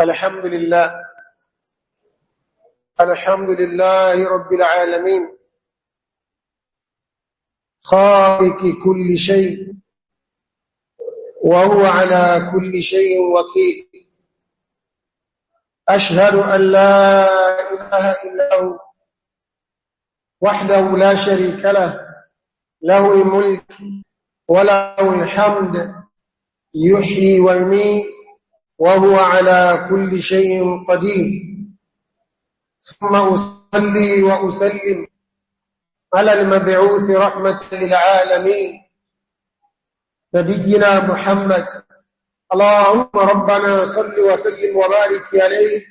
الحمد لله الحمد لله رب العالمين خالق كل شيء وهو على كل شيء وكيل أشهد أن لا إله إلا هو وحده لا شريك له له الملك وله الحمد يحيي ويميت وهو على كل شيء قدير ثم أصلي وأسلم على المبعوث رحمة للعالمين نبينا محمد اللهم ربنا صل وسلم وبارك عليه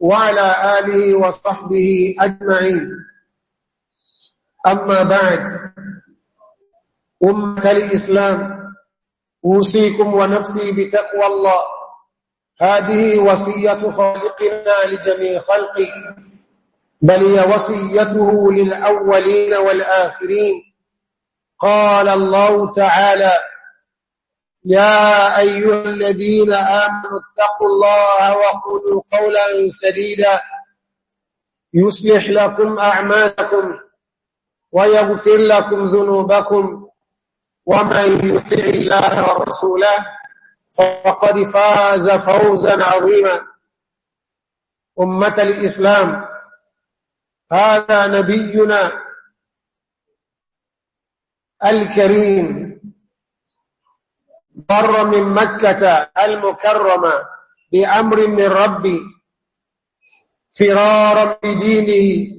وعلى آله وصحبه أجمعين أما بعد أمة الإسلام أوصيكم ونفسي بتقوى الله هذه وصية خالقنا لجميع خلقه بل هي وصيته للأولين والآخرين قال الله تعالى يا أيها الذين آمنوا اتقوا الله وقولوا قولا سديدا يصلح لكم أعمالكم ويغفر لكم ذنوبكم ومن يطع الله ورسوله فقد فاز فوزا عظيما أمة الإسلام هذا نبينا الكريم ضر من مكة المكرمة بأمر من ربي فرارا بدينه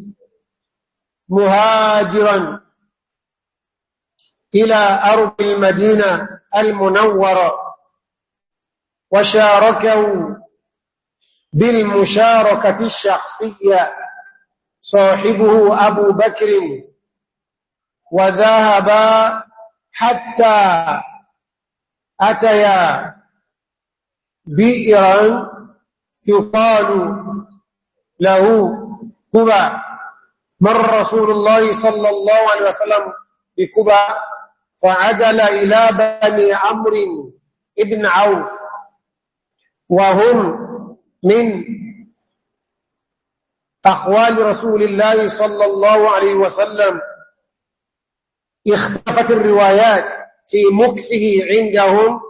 مهاجرا إلى أرض المدينة المنورة وشاركوا بالمشاركة الشخصية صاحبه أبو بكر وذهب حتى أتيا بئرا يقال له كبا من رسول الله صلى الله عليه وسلم بكبا فعدل إلى بني عمر ابن عوف وهم من أخوال رسول الله صلى الله عليه وسلم اختفت الروايات في مكفه عندهم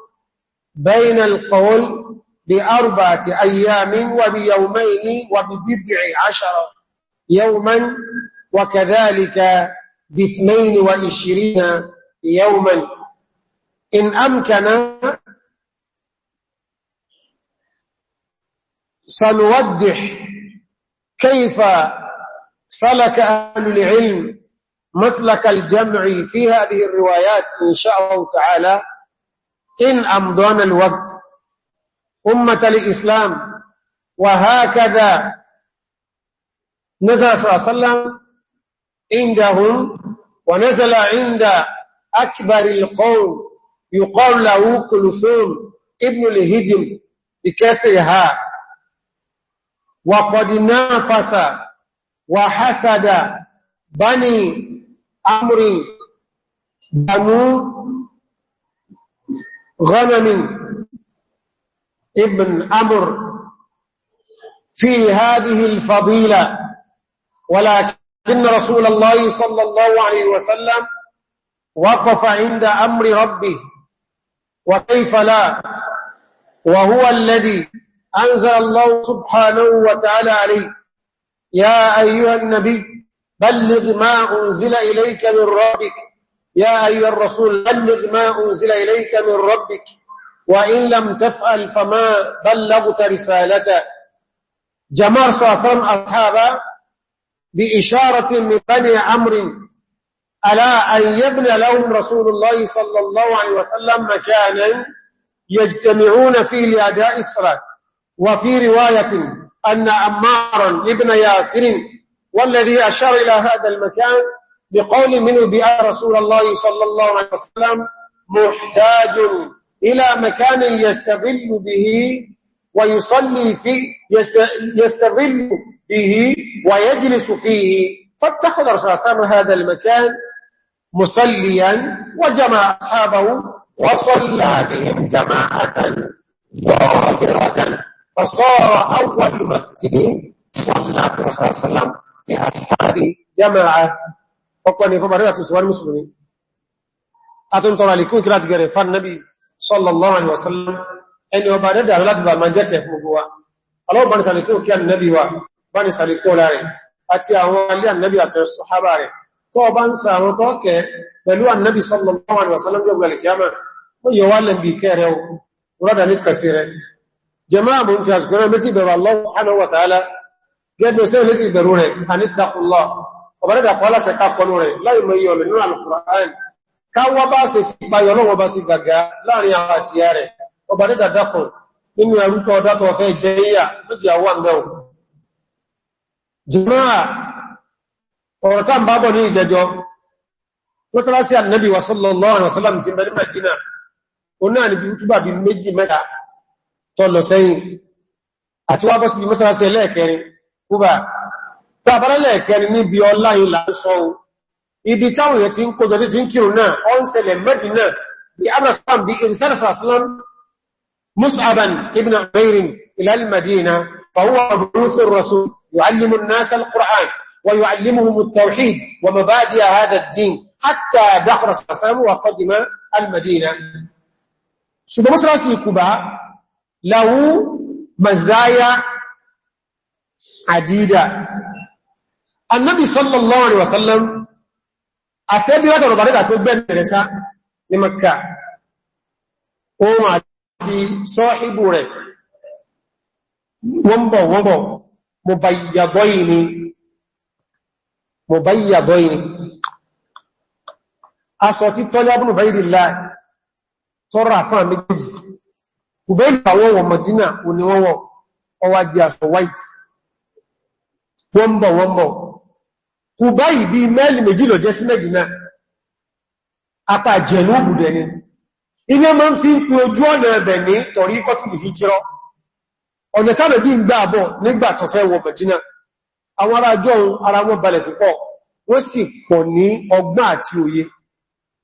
بين القول بأربعة أيام وبيومين وببضع عشر يوما وكذلك باثنين وإشرين يوما إن أمكن سنوضح كيف سلك أهل العلم مسلك الجمع في هذه الروايات إن شاء الله تعالى إن أمضان الوقت أمة الإسلام وهكذا نزل صلى الله عليه وسلم عندهم ونزل عند أكبر القوم يقال له كلثوم ابن الهدم بكسرها وقد نافس وحسد بني أمر بنو غنم ابن أمر في هذه الفضيلة ولكن رسول الله صلى الله عليه وسلم وقف عند أمر ربه وكيف لا وهو الذي أنزل الله سبحانه وتعالى عليه يا أيها النبي بلغ ما أنزل إليك من ربك يا أيها الرسول بلغ ما أنزل إليك من ربك وإن لم تفعل فما بلغت رسالته جمار صلى الله عليه وسلم أصحابه بإشارة من بني عمرو ألا أن يبنى لهم رسول الله صلى الله عليه وسلم مكانا يجتمعون فيه لأداء الصلاة وفي رواية أن أمارا ابن ياسر والذي أشار إلى هذا المكان بقول منه بأن رسول الله صلى الله عليه وسلم محتاج إلى مكان يستظل به ويصلي فيه يستظل به ويجلس فيه فاتخذ رسول الله هذا المكان مسليا وجمع أصحابه وصلى بهم جماعة ظاهرة فصار أول مسجد صلى في رسول الله صلى الله عليه وسلم لأصحابه جماعة وقال يفهم رئيسة سوال المسلمين أتم ترى لكون كرات غرفة النبي صلى الله عليه وسلم أن يبارد على الله من جاء تفمقوا الله بني سالكون كان النبي وبني سالكون لاري أتي أهوالي النبي أتي الصحابة tó bá ń sàrán tó kẹ pẹ̀lú annabi sallallahu alaihi wasallam jọ́gbà alìkiyama ó yọ wá lẹ́bí kẹrẹ rọ́dà ní kàsí rẹ jẹmáà mú fi àṣùkúrẹ́ méjì bẹ̀rù Allah subhanahu wa ta'ala gẹ́gbẹ̀ sẹ́rẹ̀ léjì bẹ̀rù rẹ̀ àní takùnlọ́ ọ̀bẹ̀rẹ̀ dàpọ̀ aláṣẹ kápọnú rẹ̀ láì mọ iye ọ̀lẹ̀ nínú alùkùrán káwọ́ bá ṣe fi payọ̀ lọ́wọ́ bá sí gàgá ọba dẹ́dà dákùn nínú ẹrútọ́ ọdátọ̀ fẹ́ jẹ́ yíyà méjì àwọn náà jùmọ́ ọ̀rọ̀ tá ń bábọ̀ ní ìjẹjọ́ mọ́sálásí annabi wa sallallahu alaihi wasallam ti bẹ̀rẹ̀ Madina o náà ni bí túbà bí méjì mẹ́ta tó lọ sẹ́yìn àti wá bọ́sí bí mọ́sálásí ẹlẹ́ẹ̀kẹrin kúbà tàbára lẹ́ẹ̀kẹrin ní bí ọlá ìlà ń sọ ohun ibi táwọn èèyàn ti ń kójọ tí ń kírun náà ọ ń ṣẹlẹ̀ Madina bí anasam bí irisalasalam ويعلمهم التوحيد ومبادئ هذا الدين حتى دخل سلام وقدم المدينة ṣùgbọ́n mọ́sánásí Kùbá láwú mazaya àdídà annabi sallallahu alaihi wasallam a sai bí wata rọ̀bàdà tó gbẹ̀rẹ̀ sá ní makka ohun àti sọ ibu rẹ̀ wọ́n bọ̀ wọ́n bọ̀ mọ̀ bayyagoyi ni mọ̀báyàdọ́ìní aṣọ tí tọ́lá abúrùbá ìrìnlá tọ́rọ àfáà méjèèjì kùbẹ́ ìgbàwọ́ wọ Madina oníwọ́wọ́ ọwá di aṣọ white wọ́nbọ̀ wọ́nbọ̀ kùbá ìbí mẹ́lì méjì lọ jẹ́ sí apá ni ma àwọn ará àjọ ara wọn balẹ̀ púpọ̀ wọ́n sì pọ̀ ní ọgbọ́n àti òye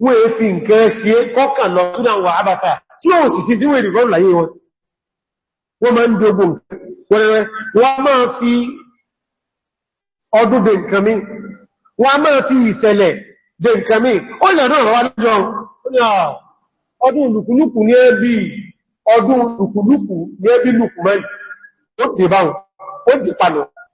wọ́n è fi nǹkan sí kọ́kàn lọ Sudan wà abáfà tí ó sì sí tí wọ́n èrè rọ́rùn láyé wọn wọ́n máa ń dogbò wẹ́rẹ́rẹ́ wọ́n máa fi ọdún dé nǹkan mi wọ́n máa fi ìṣẹ̀lẹ̀ dé nǹkan mi ó ìyàdán ọ̀rọ̀ ó ah, dìpanù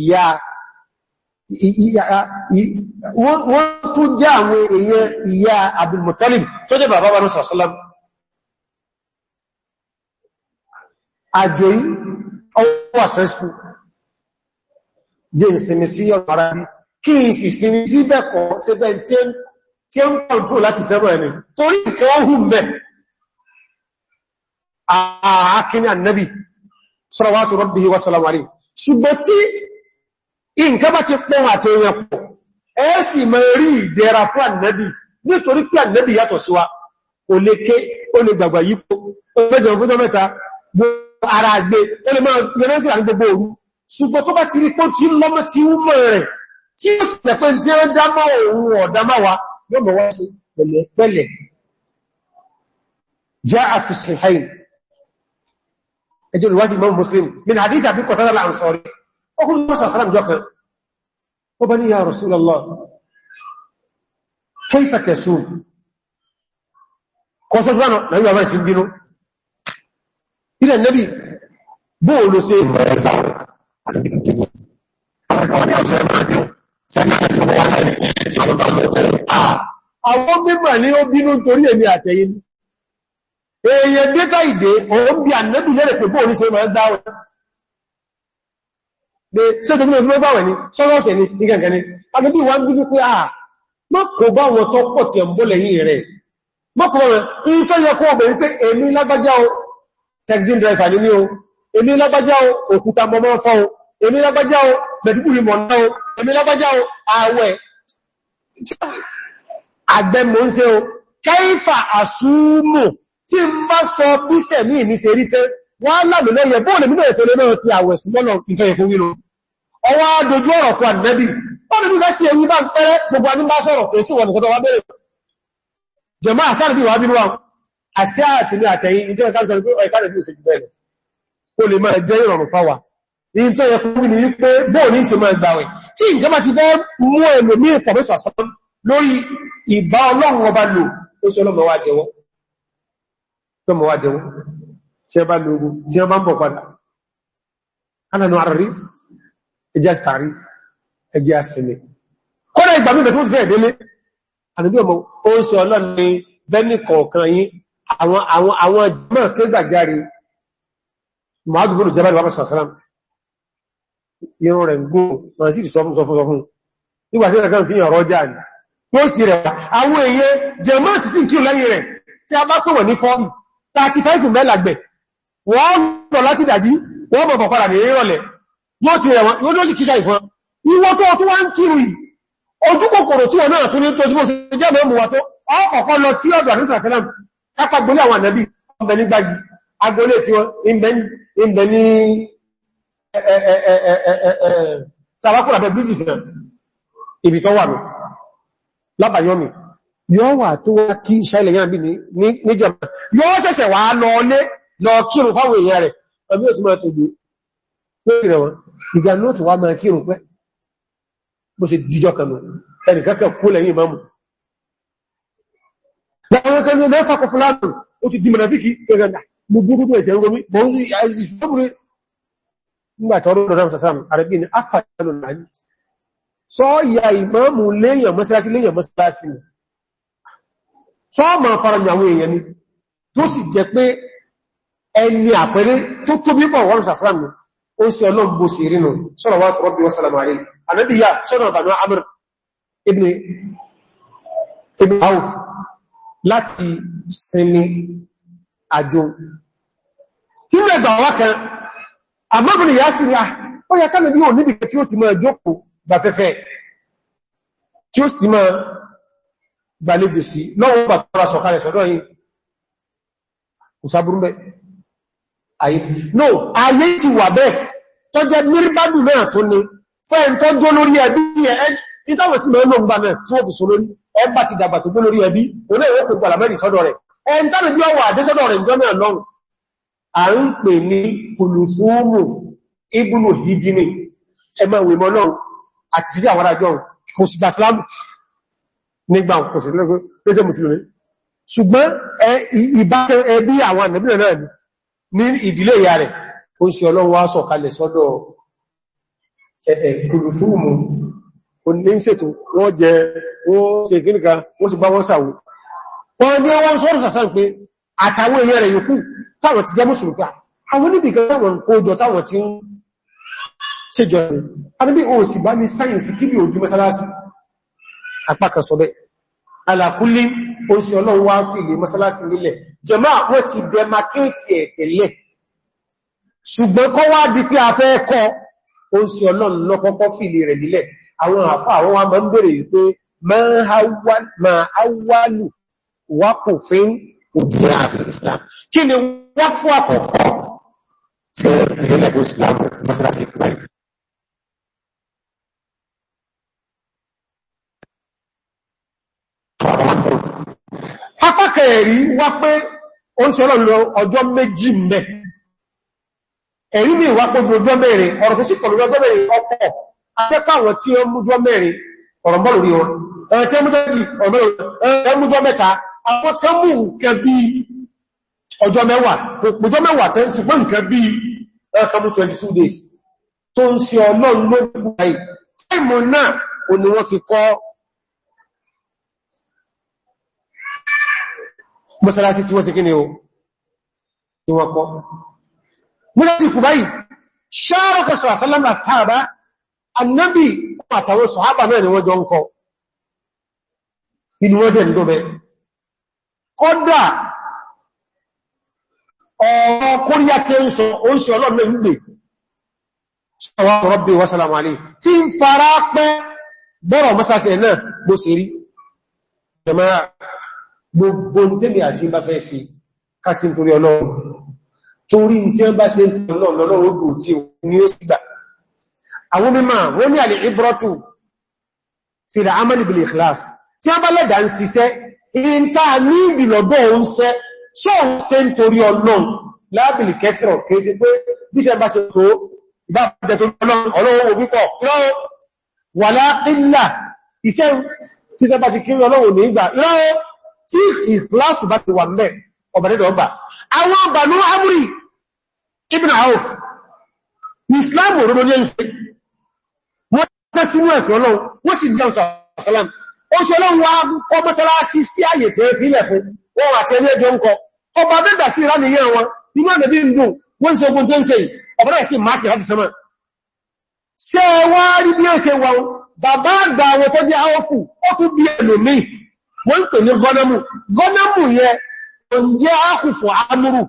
ìyá wọ́n tún jẹ́ àwọn èèyàn ìyá Abdul Muttalib tó jẹ́ bàbá wọn sàṣọ́lám àjò yí ọwọ́ àṣẹ́sù jẹ́ ìsinmi sí ọ̀rọ̀ ara rí kí n sì sinmi sí bẹ́ẹ̀kọ́ sí bẹ́ẹ̀ tí ó ń kọ̀ọ̀tún láti sẹ́rọ ẹni torí nǹkan ohun bẹ́ẹ̀ ààkíní nǹkan bá ti pọ́n àti èèyàn pọ̀ ẹ sì mọ̀ rí ìdẹ̀ra fún ànẹ́bì nítorí pé ànẹ́bì yàtọ̀ sí wa kò lè ké ó lè gbàgbà yípo ó mẹ́jọ fún tó mẹ́ta gbogbo ara gbé ó lè máa yẹnẹ́sì àní gbogbo òru ṣùgbọ́n tó bá ti mọ̀ ẹjọ́ ìwásí mọ́ muslim min hadith àbíkọ̀ tọ́lá ansari ọkùnrin mọ́sàn sàrán jọ́kẹ̀ ó bá ya Rasulullah kayfa tasum kọsọ̀ gbọ́nà na yíwa báyìí sí bínú ilẹ̀ nẹ́bí bóòlù sí àwọn mímọ̀ ní ó bínú torí èmi àtẹ̀yìn èèyàn dé káìdé ọ̀rọ̀ bí ànẹ́bì lẹ́rẹ̀ pé bóòlù sí ẹ̀mọ̀ ẹ̀dáwọ̀ pé ṣẹ́tẹ̀ ní ọdún báwẹ̀ ní sọ́rọ̀ọ̀sẹ̀ ní ìgẹ̀gẹ̀ agbẹ́bí wọ́n dúdú pé àà mọ́ kò bá wọn tọ́ pọ̀ tí ọmọ lẹ́yìn rẹ̀ mọ́kùnrin rẹ̀ ń fẹ́ yẹ tí ń bá sọ bíṣẹ̀ ní ìmísẹ̀ wọ́n lábẹ̀lẹ́yẹ bóòlù mímẹ̀ ìṣẹ̀lẹ̀ náà ti àwẹ̀ sí mọ́nà ìtọ́yẹ̀kún wílò ọwá dojú ọ̀rọ̀ kú ànẹ́bì wọ́n ni bá sí ewu bá ń pẹ́rẹ́ gbogbo anú bá sọ̀rọ̀ kò sí wọ̀nà kọtọ̀ wá bẹ̀rẹ̀ jẹmọ́ àsáàrùbí wà bínú àwọn àṣíà àti ní àtẹ̀yìn ìjẹ́ ìkánsẹ̀ pé ọ̀ẹ̀ká rẹ̀ bí ó sì jù bẹ́ẹ̀ kó lè máa jẹ́ ìrọ̀rùn fáwà ní tó yẹ kúrú ní pé bóò ní ṣe máa gbàwẹ̀ tí ìjọba ti fẹ́ mú ẹ̀lò ní ìpọ̀ mẹ́sàn sán lórí ìbá ọlọ́run ọba lò ó sì ọlọ́mọ wá jẹ́wọ́ tí ẹ bá lóògùn tí ẹ bá ń bọ̀ padà ẹjẹ́ staris ẹjẹ́ asìnì kọ́nà ìgbàmí ìbẹ̀ tó fẹ́ ìdílé àníbí ọmọ ó sọ ọlọ́n ni bẹ́ẹ̀ni kọ̀ọ̀kan yí àwọn àwọn àwọn jẹ́mọ̀ tó gbàjáre mọ́adùgbòrò jẹ́bàrí bàbá sàlám irun rẹ̀ gún wọn sí ìsọfún sọfún sọfún nígbà tí ẹ̀kan fi ọ̀rọ̀ jà ní wọ́n sì rẹ̀ àwọn èyẹ jẹ́mọ̀ ti sì kí lẹ́yìn rẹ̀ tí a bá pè wọ̀ ní 40 láti dàjí wọ́n bọ̀ pàpàdà ní ìrọ̀lẹ̀ yóò ti rẹ̀wọ̀n yóò ló sì kíṣà ìfọn ìwọ tó tó wá ń kírù yìí ojú kòkòrò tí wọ́n náà tún ní tó jí mọ́ sí jẹ́ mọ́ wà tó ọkọ̀ọ̀kọ́ lọ sí ọ̀dọ̀ àrísà sẹ́lám kápá gbólé àwọn ànàbí ọmọbẹ̀ ní gbági agolé tí wọ́n ìbẹ̀ ní tàbákùnrin abẹ́ bíjì tàn ibi tó wà lábàyọ́mì yóò wà tó wá kí iṣẹ́ lórí rẹ̀ wọn ìgbà ní ó tún wá máa kírùn pẹ́ bó ṣe jíjọ kanú ẹnìkankan kó lẹ́yìn ìmáàmù láwọn kan ní mẹ́fà kọ fúlánù ó ti dìmọ̀nà fíkì ẹgbẹ̀rẹ̀ mú búrú tó ẹ̀sẹ̀ romi mọ́ ní àìsíṣọ́bùnrin nígbà tọrọ ni ya ìmáàmù léèyàn mọ́sálásí léèyàn mọ́sálásí ni sọ ma fara ní àwọn èèyàn ni ẹni àpẹẹrẹ tó tóbi mọ̀ wọ́n sàsàm ó sí ọlọ́gbò sí rínú sọ́rọ̀ wá tọ́rọ̀ bí wọ́sàlá marí anábí ya sọ́rọ̀ bànú amur ibn hauf láti sinmi àjò nínú ẹgbà wákan àmọ́bùn ìyá sí ní ah, ó yá kánàbí ò níbi tí ó ti máa jókòó gbafẹ́fẹ́ tí ó ti máa gbàlejò sí lọ́wọ́ bàtọ́ra sọ̀kalẹ̀ sọ́dọ̀ yìí ayé no ayé ti wà bẹ́ẹ̀ tó jẹ́ mírbádù náà tó ní fẹ́ẹ̀n tó jó lórí ẹbí ìtàwọn sí mẹ́rin lóǹgbà náà tí wọ́n fi so lórí ẹgbà ti dàgbà tó jó lórí ẹbí oní ìwọ́n kò gbàlà mẹ́rin sọ́dọ̀ rẹ̀ ẹn tàbí bí ọwà àdésọ́dọ̀ rẹ̀ jọ mẹ́rin lọ́rùn à ń pè ní kùlùfúùmù ibùnù hìdìní ẹmọ ìwé mọ́ ṣùgbọ́n ìbáṣẹ ẹbí àwọn ànàbìnà náà ni ní ìdílé ìyá rẹ̀ ó ṣe ọlọ́run wá sọ̀kalẹ̀ sọ́dọ̀ ẹ̀ẹ̀kùlùfúùmù oníṣètò wọ́n jẹ wọ́n ṣe ìgbìnìkan wọ́n sì bá wọ́n sàwò wọ́n ní wọ́n sọ́rọ̀ sàsán pé àtàwọn èèyàn rẹ̀ yòókù táwọn ti jẹ́ mùsùlùmí àwọn oníbìkan táwọn kójọ o sì bá ní sáyẹ̀nsì kí ní òbí mọ́sálásí apákan sọ bẹ́ẹ̀ jẹmọ́ àwọn ti demarcate ẹ̀ tẹ̀lẹ̀ ṣùgbọ́n kọ́ wá di pé a fẹ́ kọ́ o ń sí ọlọ́nà lọ́kọ́kọ́ fìlì rẹ̀ nílẹ̀ àwọn àfá àwọn wa máa ń bèèrè wípé ma awwalu waqfin òdìyà àfihàn Islam kí ni waqfu àkọ́kọ́ ẹ̀rí wá pé ó ń ṣe ọlọ́lọ́ ọjọ́ méjì mẹ́ ẹ̀rí mi wá pé gbogbo mẹ́rin ọ̀rọ̀ tó sì kọ̀ lórí ọjọ́ mẹ́rin ọpọ̀ akẹ́kọ̀ọ́ tí ó mújọ mẹ́rin ọ̀rọ̀ mọ́ lórí wọn ẹ̀rọ tí ó mújọ jì ọ̀rọ̀ mújọ mẹ́ta àwọn kan mú nǹkan bí ọjọ́ mẹ́wàá gbogbo mẹ́wàá tẹ́ ti fún nǹkan bí ẹ̀kan mú 22 days tó ń ṣe ọlọ́run ló gbogbo ayé táìmù náà ò ní wọ́n fi kọ́ mọ́sálásí tí wọ́n ṣe kí ni o tí wọ́n kọ́ mọ́sálásí kù báyìí ṣáàrọ̀kọ̀ sọ̀rọ̀sálàmà sàábà annabi àtàwọn sọ̀hábà náà ni wọ́n jọ ń kọ́ inú wọ́n dẹ̀ ń dọ́bẹ̀ kọ́dà jama'a gbogbo tèmi àti bá fẹ́ sí kásí nítorí ọlọ́run torí tí wọ́n bá ṣe ọlọ́run ó dùn tí ní ó sígbà àwọn mímọ̀ wọ́n ní àlè ìbọ́tù fìdà amali bil ikhlas tí a bá lẹ́dà ń ṣiṣẹ́ in ta ní ìbìlọ̀bọ̀ ń ṣẹ́ tí ó ń ṣe nítorí ọlọ́run lábìlì kẹfẹ́rọ̀ kéèsì pé sẹ́bà ti kí ọlọ́run ní ìgbà lọ́wọ́ tí ìkìláàsì bá ti wà mẹ́ ọ̀bẹ̀rẹ̀dọ̀ ọgbà àwọn ọgbànú islam òrùn ní ẹ̀ṣẹ́ wọ́n tẹ́ sínú ẹ̀sẹ̀ ọlọ́run wọ́n sì jẹun sàlám ó ṣe ọlọ́run wá kọ́ mọ́sálásí sí àyè tẹ́ fílẹ̀ fún wọn àti ẹni ẹjọ́ ń kọ ọba bẹ́gbà sí ìránìyàn wọn inú ń dùn wọ́n wọ́n ń pè ní gọ́nàmù gọ́nàmù yẹ oúnjẹ́ áhùfù amúrù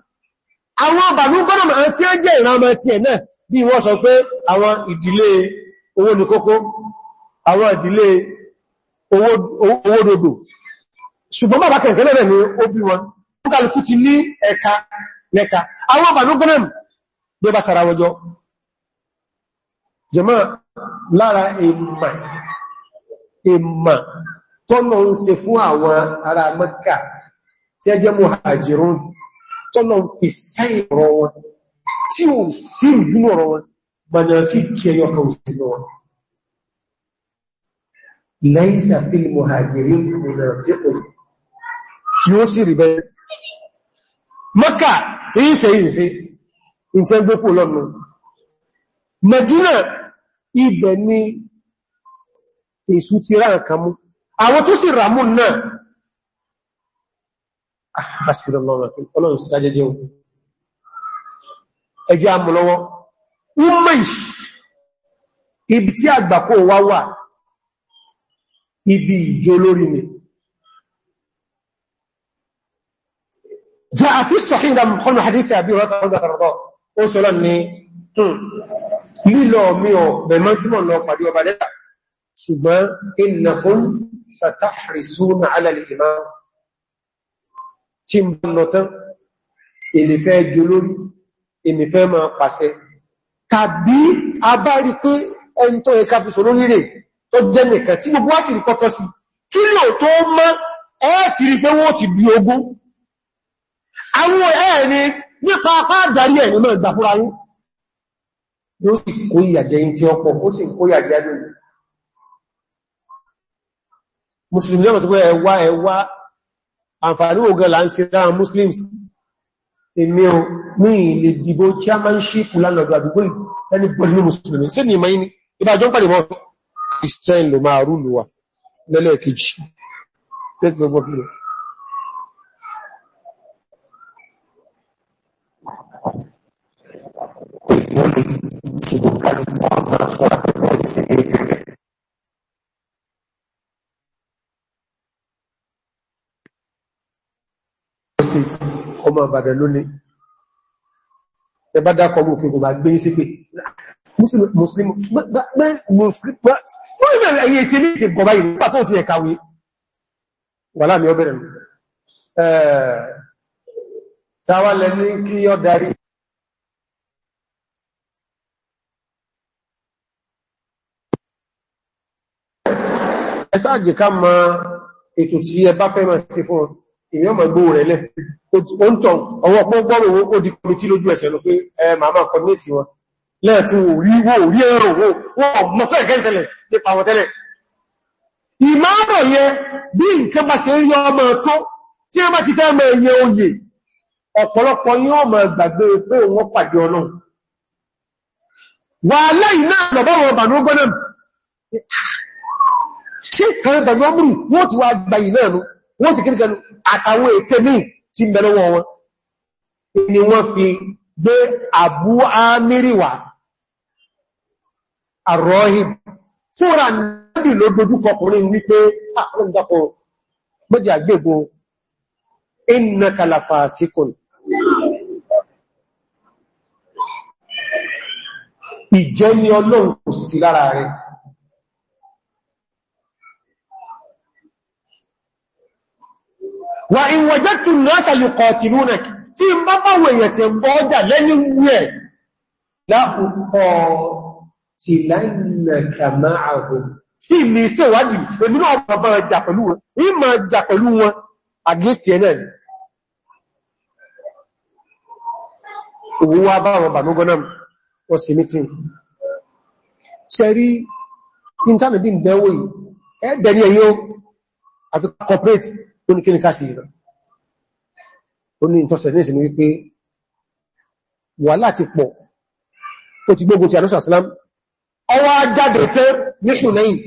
àwọn bàbú gọ́nàmù àti ẹjẹ́ ìrànmà ti ẹ̀ náà bí wọ́n sọ pé àwọn ìdílé owó ní kókó àwọn ìdílé owó dòdò ṣùgbọ́n bàbá kẹ̀kẹ́ lẹ́rẹ̀ ni ó bí wọn ó kàlùkù ti ìmà tọ́nà ń ṣe fún àwọn ará Mẹ́kà tí ẹ jẹ́ muhajirun tọ́nà ń fi sẹ́yìn ọ̀rọ̀ wọn tí ó sí ìjúnú ọ̀rọ̀ wọn gbọ́nà fi kí ẹyọ kan sí lọ́wọ́ laysa fil muhajirin munafiqun yóò sì rí bẹ́ẹ̀ Mẹ́kà ìṣẹ́ ìṣẹ́ ìṣẹ́ gbépò lọ́nà Mẹ́dínà èṣù ti rá nǹkan mú àwọn tó sì ràmù náà àbásílẹ̀ ah, ọlọ́run sí ajẹ́jẹ́ ohun ẹjẹ́ amúlọ́wọ́ umish ibi tí àgbàkó wá wà ibi ìjó lórí hmm, mi jẹ́ àfi sọ̀hí ìdámù kọ́nà hadithi àbí ọ̀rọ̀ ṣùgbọ́n ìnàkún ستحرسون على الإمام tí ń lọ tán èmì fẹ́ jolórí èmì fẹ́ máa pàṣẹ tàbí a bá rí pé ẹni tó ẹka fi sọ̀rọ̀ rírẹ̀ tó jẹ́ nìkan tí gbogbo wásìrí kọ́tọ́ sí kí ní ò tó mọ́ ẹ́ ti rí pé wọ́n ti di ogún àwọn ẹ̀ẹ́ni nípa apá àdárí ẹ̀yìn náà gbà fúra yín yóò sì kó ìyàjẹ́ yín tí ọ̀pọ̀ ó sì kó ìyàjẹ́ lónìí musulmi náà tó pé ẹwà ẹwà àǹfààní ògán là muslims èmi o ní ilé ìdìbò chairmanship lánàdọ̀ àdúgbò ẹni bọ̀lì musulmi sí ni ìmọ̀ ìbájọ́ pàdé mọ́ christian ló máa rú lùwà lẹ́lẹ́ẹ̀kejì Ìgbọ́n lè ṣe ìgbọ́n lè ṣe ìgbọ́n lè ṣe state ọmọ àbàdàn lónìí ẹbá dákọ̀ mú kí kò bá gbé sí pé mùsùlùmí gbẹ́ mùsùlùmí fún ìbẹ̀rẹ̀ ẹ̀yẹ ìṣẹ́ ní ìṣẹ́ gọba ìlú pàtó ti ẹ̀kàwé wà láàmì ọbẹ̀rẹ̀ tàwà lẹ́ni kí ọ darí ẹ̀sáàjì ká ma ètò tí ẹ bá fẹ́ máa ṣe fún ọ èyàn ọmọ ìgbóhù rẹ̀ lẹ́ oúntàn ọwọ́ pọ́gbọ́rọ̀ owó ó di kọmití lójú ẹsẹ̀ lọ pé ẹ màmá kọmíẹ̀tì wọn lẹ́ẹ̀tí wò rí wò rí ẹ̀rọ wò wọ́n mọ̀ pé ẹ̀kẹ́ ìṣẹ̀lẹ̀ nípa wọn tẹ́lẹ̀ ìmọ̀rọ̀ yẹ bí nǹkan bá ṣe ń yọ ọmọ tó tí wọ́n bá ti fẹ́ mọ ẹ̀yẹ oyè ọ̀pọ̀lọpọ̀ yín ọmọ gbàgbé pé wọ́n pàdé ọlọ́run wà lẹ́yìn náà lọ́bọ̀ wọn bà ní ọgbọ́n náà ṣe kẹrẹ bẹ̀rẹ̀ ọmọ wọ́n ti wá gbà yìí náà wọ́n sì kiri kẹnu àtàwọn ètè ní tí bẹ lọ́wọ́ wọn ni wọ́n fi gbé Abu Amiri wá Ar-Rahib fúnra náàbì ló dojúkọ ọkùnrin wípé àwọn ìdàpọ̀ mọ́jì àgbègbò innaka lafasikun ìjẹ́ ni ọlọ́run kò sí lára rẹ̀ wà ìwọ̀jẹ́tù nasa yuqatilunaki tí ń bá báwọn èèyàn ti ń bọ́ ọjà lẹ́ni wúẹ̀ láhùkọ́ ti lánàkà máa hùn tí mi ṣèwádìí èmi náà wọn ìmọ̀ jà pẹ̀lú wọn against ẹ̀ ó ní kí ní ká sí ìrọ̀ ó ní ìtọ́sẹ̀ ní ìsinmi wípé wà láti pọ̀ ó ti gbógun ti àdúsà islam ọwá jáde tẹ́ ní ṣùnẹ́yìn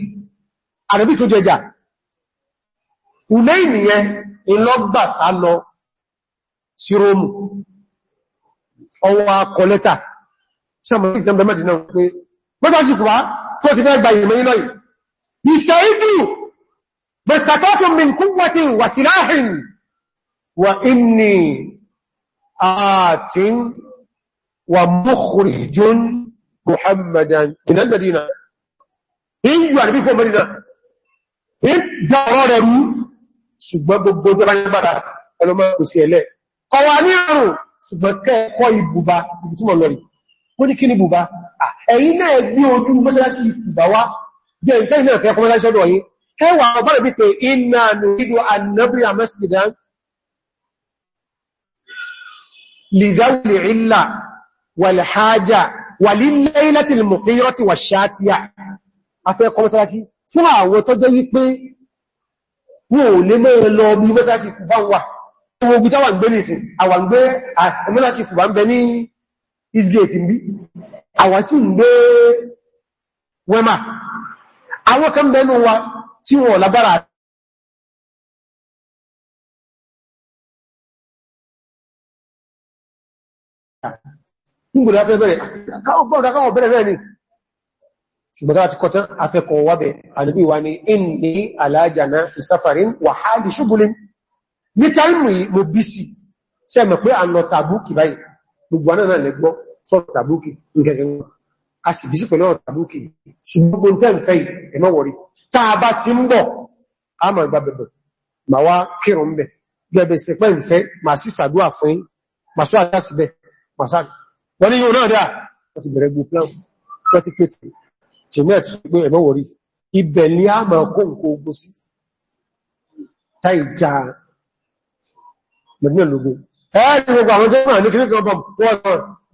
àrẹ́bí tó jẹjà ṣùnẹ́yìn nìyẹn ìlọ́gbà sá lọ sí róòmù ọwá kọlẹ́tà sàmàrí ìtẹ́m̀bẹ̀mẹ́dì باستكات من قوة وسلاح وإني آت ومخرج محمدا من المدينة إن يعرفكم المدينة إن داراروا ṣùgbọ́n gbogbo tó bá ní bàbá ẹlọ́mọ́ kò sí ẹlẹ́ ọwà ní àrùn ṣùgbọ́n kẹ́ẹ̀kọ́ ìbùbá ibi tí mọ̀ lọ́rí ó ní kí ní bùbá ẹ̀yìn náà gbí ojú mọ́sálásí ìbùbá wá jẹ́ ìtẹ́ ìlẹ́ ìfẹ́ kọmọ́lásí ọdọ̀ yìí ẹwà ọ̀bára bí pé iná nùídò annabi a masjidan lidawli illa wal haja walillati al-muqirati wash-shatiya afẹ́ kọ mọ́sálásí fún àwọn tó jẹ́ wípé wọ́n ò lè mẹ́rin lọ bí mọ́sálásí kùbá wà tí wọ́n lágbára nígbòdá fẹ́ bẹ̀rẹ̀ gbọ́dá káwọn bẹ̀rẹ̀ bẹ̀rẹ̀ ni ṣùgbọ́n láti kọtán afẹ́kọ̀ọ́ wábẹ̀ àdúgbì wa ni inni alájàna ìsáfàrin wàhálì ṣúgbùlé ní táìmù mo bí sí sẹ́mọ̀ pé àlọ tàbúkì báyìí gbogbo náà lẹ́gbọ́ sọ tàbúkì nkẹ́kẹ́ wọn a sì bí sí pẹ̀lú ọ̀rọ̀ tàbúkì ṣùgbọ́n tẹ́ǹfẹ́ ẹ̀mọ́ wọ̀rí táa bá ti ń bọ̀ a mọ̀ ìgbà bẹ̀bẹ̀ ma wá kírùn bẹ̀ gẹ̀bẹ̀ sí pẹ́ ìfẹ́ ma sí sàdúwà fún ma sọ àjá síbẹ̀ ma sá wọ́n ní yóò náà dáa wọ́n ti bẹ̀rẹ̀ gbogbo wọ́n ti pé tí mẹ́ ti pé já mẹ́rin lógún ẹ̀rì gbogbo àwọn tó náà ní kìí kan bọ̀m wọ́n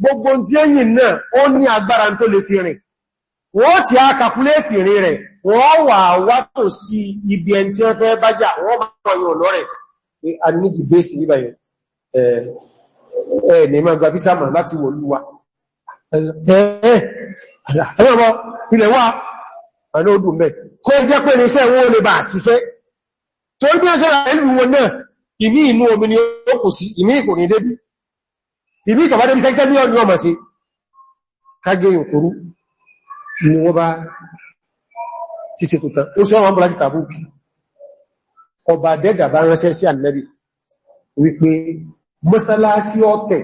gbogbo tí ó yìn náà ó ní agbára tó lè fi rìn wọ́n ti a kàkúléètì rí rẹ̀ wọ́n wà wá tó sí ibi ẹn tí wọ́n fẹ́ bájá wọ́n máa yọ lọ́rẹ̀ àníjì bẹ́ẹ̀sì níbàyẹ̀ ẹ̀ẹ̀ ní máa gba ìmí inú omi ni ó kò sí ìmí ìkò ní débi ìmí ìkàbá débi sẹ́sẹ́ ní ọdún ọmọ sí kágé òkúrú ni wọ́n bá ti ṣètò tán ó sọ wọ́n bọ́ láti tàbú ọba dẹ́dà bá ránṣẹ́ sí ànẹ́bì wípé mọ́sálásí ọ̀tẹ̀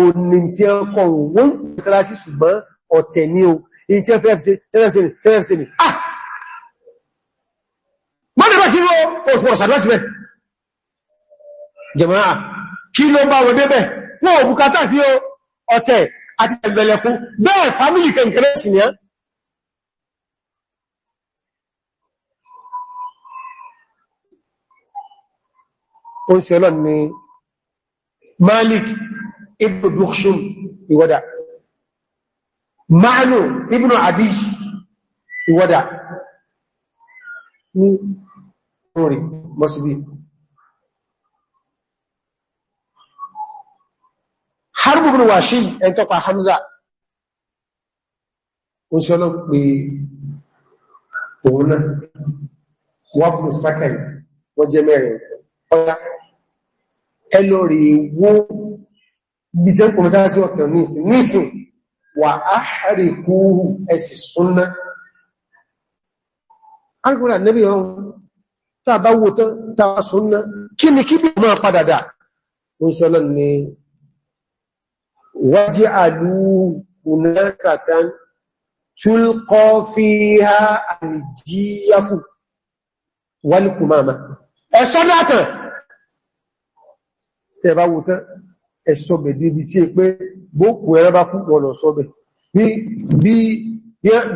òní tí ẹ kọrùn wọ́n mọ́sálásí ṣùgbọ́n ọ̀tẹ̀ ní o in tí ẹ fẹ́ fẹ́ fẹ́ fẹ́ fẹ́ fẹ́ jẹ̀máà kí ló bá wọ débẹ̀ wọ́n ò bùkátà sí ọ̀tẹ̀ àti ẹ̀bẹ̀lẹ̀kún bẹ́ẹ̀ fámílì kẹ̀kẹ̀rẹ́ sí ni ó ń sẹ́lọ̀ ni Malik ibn Dukhshum ìwọ́dà Ma'anu ibn Adish ìwọ́dà ní orin mọ́sílì Harb ibn Washil ẹn tọ́pa Hamza ó ṣe ọlọ́ pé òun náà wọ́n kùn sákẹ̀ wọ́n jẹ́ mẹ́rin ọ̀yá ẹlọ́rì wó bí jẹ́ kùn sára sí ọ̀tọ̀ nísìn nísìn wà áhàrì kúrù ẹsì súnná alkùnrin ànẹ́bí ọ̀run tàbá wò tàbá súnná kí ni kí bí ọmọ padàdà واجعلوا مناسة تلقى فيها الجيف والكمامة الصلاة tẹbáwótá ẹ̀sọ́bẹ̀ débi tí é pé gbókù ẹ̀rẹ́ bá kú wọ́n lọ sọ́bẹ̀ bí bí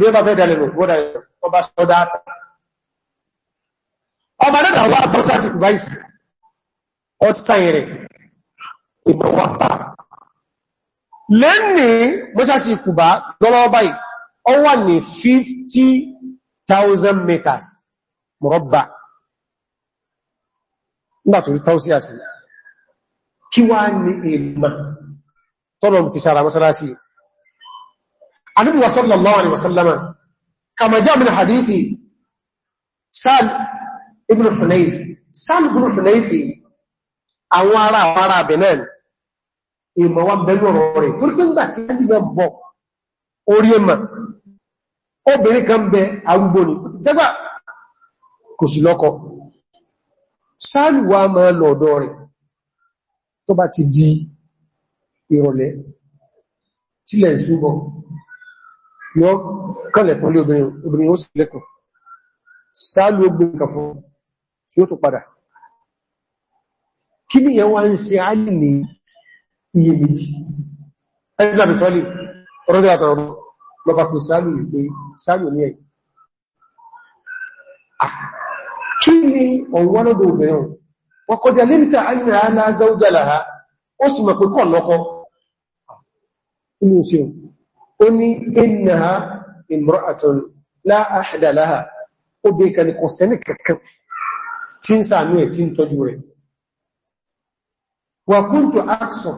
ẹbá fẹ́ dalẹ̀ lọ ọba sọ́dá àtà ọba náà wà bọ́sásìkú báyìí ọ̀sán rẹ̀ ìmọ̀wà lẹ́ni mọ́sásí ìkùbá lọ́lọ́wọ́ báyìí ó wà ní 50,000 meters mọ̀rọ̀bà nígbàtòrí tàúsí àsì kí wá ní èèmà tọ́lọ̀ fi sára mọ́sálásí Ànábì wa sallallahu alaihi wasallama kama jaa min hadithi Sa'd ibn Hunayf Sa'd ibn Hunayf àwọn ará àwọn ará Benin ìmọ̀ wa bẹ̀lú ọ̀rọ̀ rẹ̀ fúrúgbẹ́gbà tí a dìbẹ̀ bọ̀ orí ẹmà obìnrin kan bẹ arúgbó ni dẹ́gbà kò sí lọ́kọ sáàlù wa máa lọ ọ̀dọ̀ rẹ̀ tó bá ti di ìrọ̀lẹ́ tílẹ̀ ìṣúbọ̀ yọ kànlẹ̀kùn lé obìnrin ó sì lẹ́kùn sáàlù obìnrin kan fún tí ó iye méjì. Ẹgbẹ́ àbí tọ́lì, ọ̀rọ̀dẹ́ àtàrà lọ́pàá pè sáàlù ìpé sáàlù ní ẹ̀yìn. Kí ni ọ̀wọ́lọ́dọ̀ obìnrin wọn kọjá lẹ́mítà àìyàn àánà záúdàláha, ó sì mọ̀ pé kọ̀ lọ́kọ́. Inú sí ó ní innaha tí ń sàánú ẹ̀ tí ń tọ́jú rẹ̀. Wà kúntù àksọ̀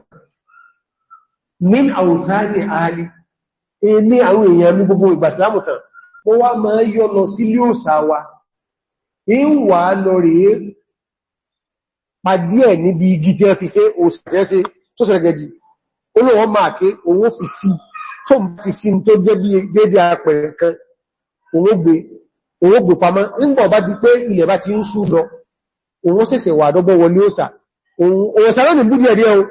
min àwòtáni àálì e àwọn èèyàn ní gbogbo ìgbàsìlámù kan mo wá máa yọ lọ sí ilé òsà wa ń wà lọ rèé pàdé ẹ̀ níbi igi tí ẹ fi ṣe òṣìṣẹ́ tó ṣẹlẹ̀ gẹ̀jì olóòwọ́ máa ké owó fi sí tó ti sí tó jẹ́ bí dédé apẹ̀rẹ̀ kan owó gbé pamọ́ nwogbe bá di pé ilẹ̀ bá ti ń sú lọ òun wà dọ́gbọ́ wọlé òsà òun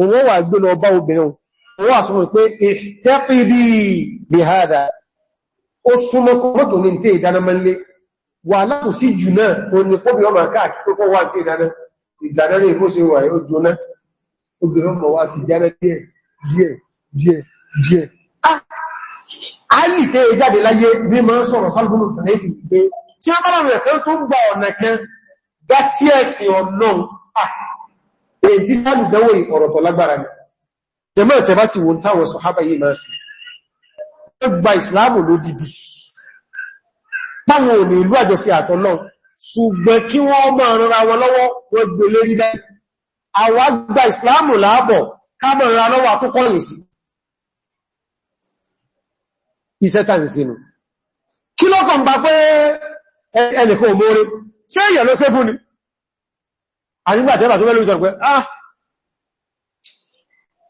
òun wà gbé lọ bá obìnrin òun wà sọ́wọ́ pé ìtẹ́pì bí bí hádà ó súnmọ́ kọmọ́tò ní tí ìdáná mẹ́lẹ́ wà látò sí jù náà tó ní pọ́bí ọmọ káàkiri pọ́ wà tí ìdáná ìdáná rẹ̀ mú sí wà ó jóná obìnrin mọ̀ wá fi dáná díẹ̀ díẹ̀ díẹ̀ díẹ̀ ah! a lì tẹ́ tí wọ́n èyí tí sáàlù dánwò ọ̀rọ̀ tó lágbára ni si ẹ̀tẹ̀bá sì wọ́n táwọn sọ̀hábà yìí máa sí gba ìsìláàmù ló dìdì páwọn òní ìlú àjọsí àtọ́ náà ṣùgbọ́n kí wọ́n máa rọra wọn lọ́wọ́ wọ́n gbé e lérí fún àrígbàtẹ́bà tó mẹ́lú ìsọ̀rọ̀ pé ah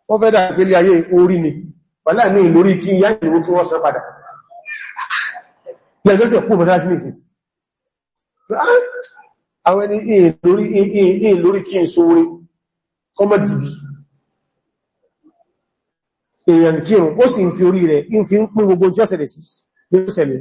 wọ́n fẹ́ dáa pẹ̀lú ayé orí ni pàlá ní ìlórí kí yá ìlúwó kí wọ́n sán padà lẹ́gbẹ́sẹ̀ kú mọ́sá sí nìsìn ah! àwọn ẹni ìlórí kí n sóorí kọmọ̀ dìbì èèyàn kírùn ó sì ń fi orí rẹ̀ ń fi ń pín gbogbo tí ó ṣẹlẹ̀ sí ní ó ṣẹlẹ̀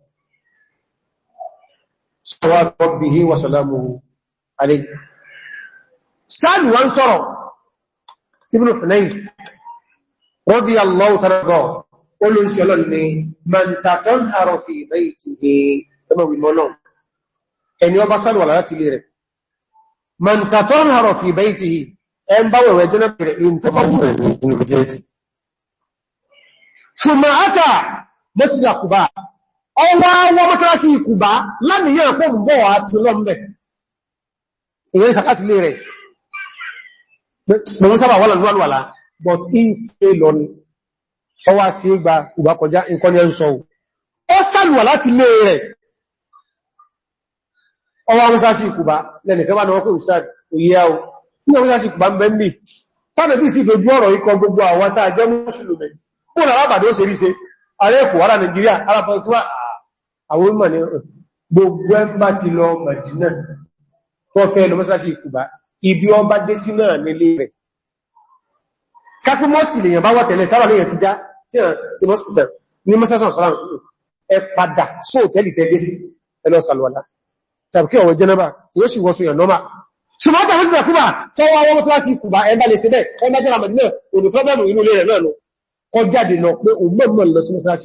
صلوات ربه وسلامه عليه سعد وانصر ابن حنين رضي الله تعالى قل ان شاء الله من تطهر في بيته كما بيقولون ان يوبا سال ولا láti lé rẹ̀ من تطهر في بيته ان باو وجنا بره ان تطهر ثم اتى مسجد قباء ọwọ́ wọ́n mọ́sánásí ìkùbá lánìyàn ẹ̀kọ́ ń bọ̀ wá sí lọ́m̀bẹ̀ èyàn sàkàtí lè rẹ̀ mọ̀ sábà wọ́n lọ́nà wàlá but in ṣe lọ́nà ọwá sí gba ìgbà kọjá nǹkan ní ẹ̀ ń sọ ó sàlùwà láti lè rẹ̀ ọwọ́ mọ́sánásí ìkùbá lẹ́nìkẹ́ Ààrẹ ẹ̀kùn ará Nàìjíríà, ará Pọ̀tíwá, àwọn ìmọ̀ ní gbogbo ẹmbá ti lọ Mẹ̀dínà tó fẹ́ lọ mọ́sálásí ìkùbá ibi ọba dé sí náà nílé rẹ̀ kápí mọ́sùkì lèyàn bá wà tẹ̀lẹ̀ tàbà lèyàn ti já tí à sí mọ́sùkì tẹ̀ ní mọ́sálásí sọ́ràn ẹ padà sóòtẹ́lì tẹ́lẹ̀ sí ẹlọ́ sàlọ́lá tàbí kí ọ̀wọ̀ jẹ́nàbà yóò sì wọ́sùn yàn nọ́mà ṣùgbọ́n tàbí sí ìkùbá tó wá wọ́n mọ́sálásí ìkùbá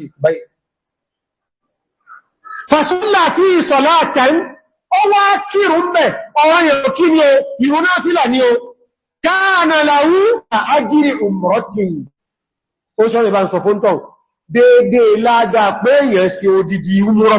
ẹgbà fàṣúlà sí ìsọ̀lá àtẹ́m ó wá kírùn bẹ̀ ọwọ́ yẹ̀rọ kí ni o ìrun náfílà ni o káànà làwú àájírí umratin ó sọ́rọ̀ ìbá ń sọ fún tán dédé lága pé èèyàn sí odidi umra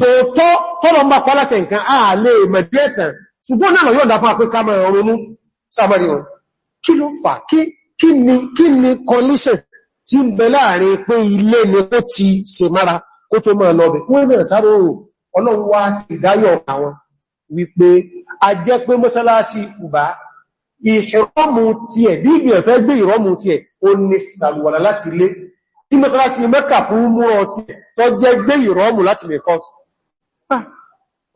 tòótọ́ tọ́lọ ń bá pálásẹ̀ nǹkan ààlè mẹ̀dí ẹ̀tàn ṣùgbọ́n náà yóò dáfà pé ká mẹ́rin ronú sáàmàrí wọn kí ló fà kí ni kí ni condition tí ń bẹ láàrin pé ilé ni ó ti ṣe mára kó tó máa lọ bẹ̀ wọ́n ní ẹ̀sáró ọlọ́run wá sí ìdáyọ̀ àwọn wípé a jẹ́ pé mọ́sálásí Kùbá ìhẹ̀rọ́mù láti Mẹ́kà fún múrọ̀ tiẹ̀ tó jẹ́ gbé ìrọ́mù láti mẹ́kọ́tù Ah,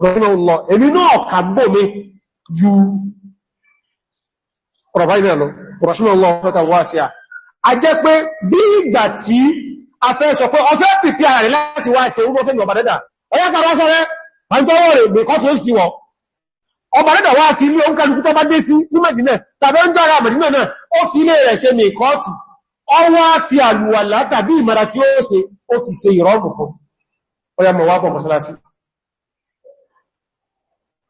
rọ̀rọ̀lọ́ èmi náà kà mi ju ọ̀rọ̀bá ilẹ̀ lọ rọ̀rọ̀lọ́ ọ̀pọ̀ta wá sí à a jẹ́ pé bí ìgbà tí a fẹ́ sọ pé ọfẹ́ pìpì ààrẹ láti wá sí orúkọ́sẹ́ rẹ̀ ọbàdẹ́dà wá pọ̀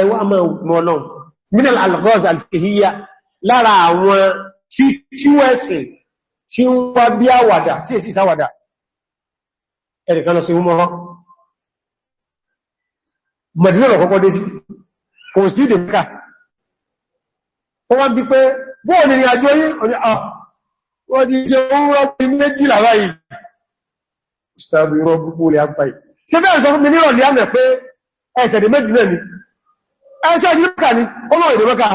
ẹwà mọ́lọ́n minal alghazi alfihiyya lára àwọn tí kíwẹ́sì tí ń wá bí àwàdà tí èsì ìsáwàdà ẹ̀rìkan lọ sí umọ́rọ́ Madina lọ kọ́kọ́ dé sí kò sí ìdèmíkà wọ́n bí pé bóò ní àjọ ah, yí wọ́n ti ṣe orúrọ́pù méjìlá báyìí ustadu irọ́ ẹsẹ́ ìdílọ́kà ni olóòrùn ìdílọ́kà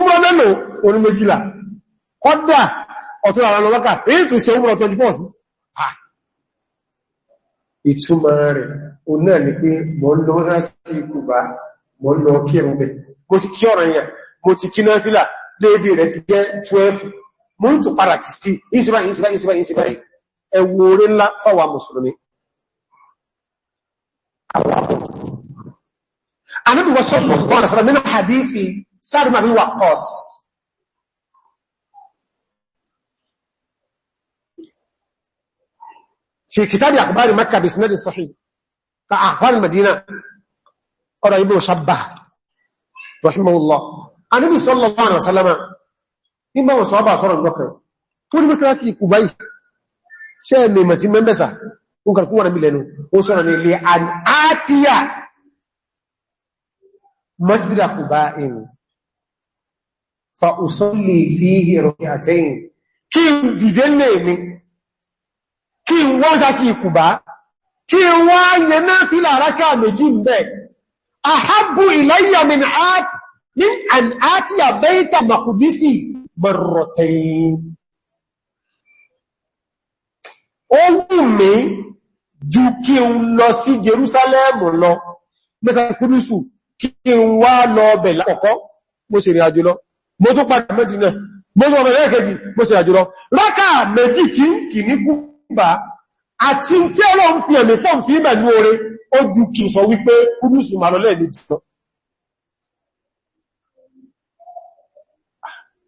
ọmọ mẹ́lò orí méjìlá kọ́dà ọ̀tún àwọn ọlọ́kà èyí tó ṣe ọmọ 24 sí ìtumọ̀ rẹ̀ o náà ni pé mọ́ lọ mọ́sánásí ikúbà mọ́ lọ kí ẹ̀rùn bẹ̀ mo ti kí ọ̀rọ̀ yẹn mo ti kí náfílà léèbì rẹ̀ ti jẹ́ 12 mo ń tún padà kì sí ìsìbá ìsìbá ìsìbá ìsìbá ẹwọ orí ńlá fáwà mùsùlùmí àwọn àpọ̀ Ànábì wa sallallahu alaihi wasallam nínú hadithi Sa'd ibn Abi Waqqas في كتاب أخبار مكة بإسناد صحيح كأخبار المدينة قرأ ابن شبه رحمه الله النبي صلى الله عليه وسلم إما وصحابة صورة البقر fún mẹ́sàn sí ikú báyìí ṣe mẹ́mẹ̀ tí mẹ́mẹ́sà ó kàrkúwà náà mílẹ̀nu ó masjid Quba'in fa usalli fihi rak'atayn kí n dìde lè mi kí n wọ́n sásí Qubá kí n wá yẹ náà fi làrákà méjì bẹ̀ ahabbu ilayya min an atiya bayta maqdisi marratayn ó wù mí ju kí n lọ sí Jerusalem lọ mẹ́sàn kúrúsù kí n wá lọ ọbẹ̀ lákọ̀ọ́kọ́ mo sì rìn àjò lọ mo tún padà méjì náà mo tún ọbẹ̀ lẹ́ẹ̀kejì mo sì àjò lọ rákà méjì tí ń kì ní kúbà àti tí ọlọ́ ń fi ẹ̀mí pọ̀ fi ìbẹ̀lú oore ó ju kì sọ wípé kúrúsù ma lọlẹ́ ní jùlọ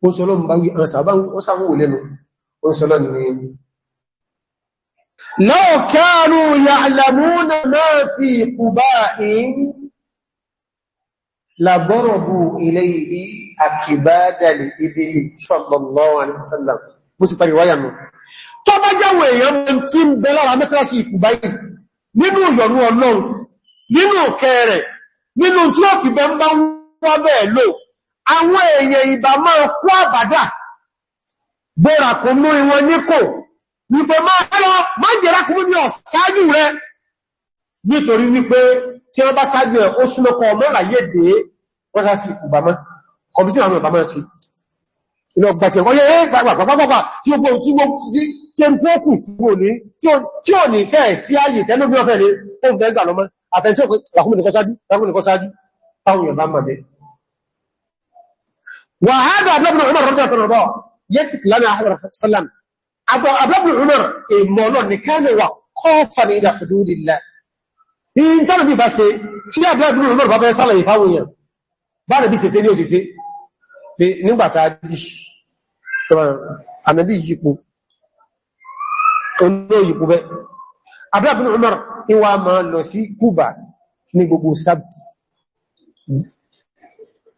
ó sọ lọ́nà bá wí làbọ́rọ̀bù ilé ìhí àkìbádàlì ìbìlì sallallahu alaihi wasallam bó sì parí wáyà náà tó bá jáwọ èèyàn mọ́ tí ń bẹ lára mẹ́sàlásí ìkù báyìí nínú ìyọ̀nú ọlọ́run nínú kẹrẹ nínú tí ó fi bẹ ń bá wọ́n bẹ́ẹ̀ lò àwọn èèyàn ìbá máa kú àbádà bóra kò mú ìwọn níkò wípé máa lọ máa jẹ́ra kú ní ọ̀sáájú rẹ nítorí wípé tí wọ́n bá sáájú ẹ̀ ó súnmọ́kọ̀ ọmọ dèé wọ́n sá sí ìbámá kọmísí àwọn ìbámá sí ilẹ̀ ọgbàtí ẹ̀kọ́ tí ó gbọ́n tí ó ń tí ó ní fẹ́ sí ààyè tẹ́lómi ọ̀fẹ́ ni ó fẹ́ gbà lọ́mọ́ àfẹ́ntí ọ̀pẹ́ lákúnmìnkọ́sájú táwọn ìyàbá mọ̀ bẹ́ وهذا عبد بن عمر رضي الله عنه يسف لنا أحمد صلى الله عليه وسلم عبد عمر المولون كان وقافا إلى حدود الله إن كان بباسي تي عبد عمر بابا يسال يفاوية bára bí sẹsẹ ní òsìsẹ́ pé nígbàtà ànàbí yípo onílò yípo bẹ́ abúrábìn Umar ìwà máa lọ sí Kúbà ní gbogbo Saturday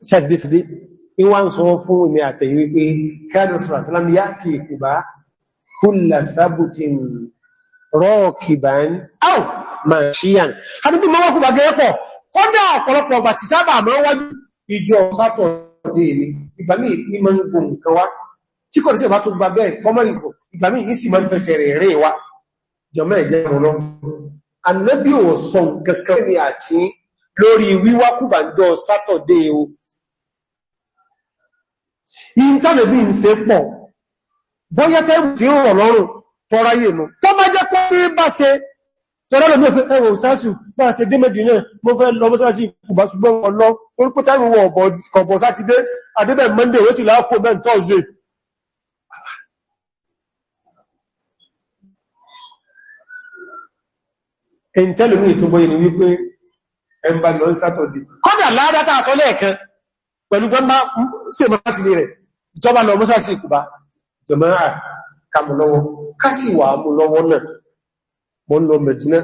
Saturday ìwà ń sọ fún ìmẹ́ àtẹ̀yí wípé kẹ́rù sàrásàlámi yá ti Kúbà kúlà sábùtìn rọ́ọ̀kìbàn áù màṣíyàn. adúgbò mọ́wọ́ Kúbà gẹ́ẹ̀kọ́ kọ́dá ọ̀pọ̀lọpọ̀ ọgbà sábà máa wájú ìjọ sátọ̀dé ni ìgbà míì ní mọ́ gbò nǹkan wá tí kọ̀ sí ìbá tó gba bẹ́ẹ̀ kọ́mọ́ ìgbò ìgbà míì ní sì máa ń fẹsẹ̀ rẹ̀ rẹ̀ wá jọmọ́ ẹ̀jẹ̀ mọ́lọ́ Ànábì ò sọ nǹkankan ní àti lórí wíwákùbà jọ sátọ̀dé o ìntànàbí ń ṣe pọ̀ bóyá tẹ́ tọ́lọ́lọ́ ní ẹ̀kùn ẹwọ̀ òsáàsì bá ṣe dé méjì náà mo fẹ́ lọ mọ́sáàsì kùbá ṣùgbọ́n ọlọ́ orúkú táìmù wọ sátidé àdébẹ̀ mọ́ndé wé sí láàpò mẹ́ tọ́ọ̀zẹ̀ ẹ̀ntẹ́lùmí lọ sátọ̀dé sí ẹmọ́ jọmọ́ àkàmù lọ́wọ́ kásìwà mú lọ́wọ́ náà mọ́ lọ mẹ̀dínà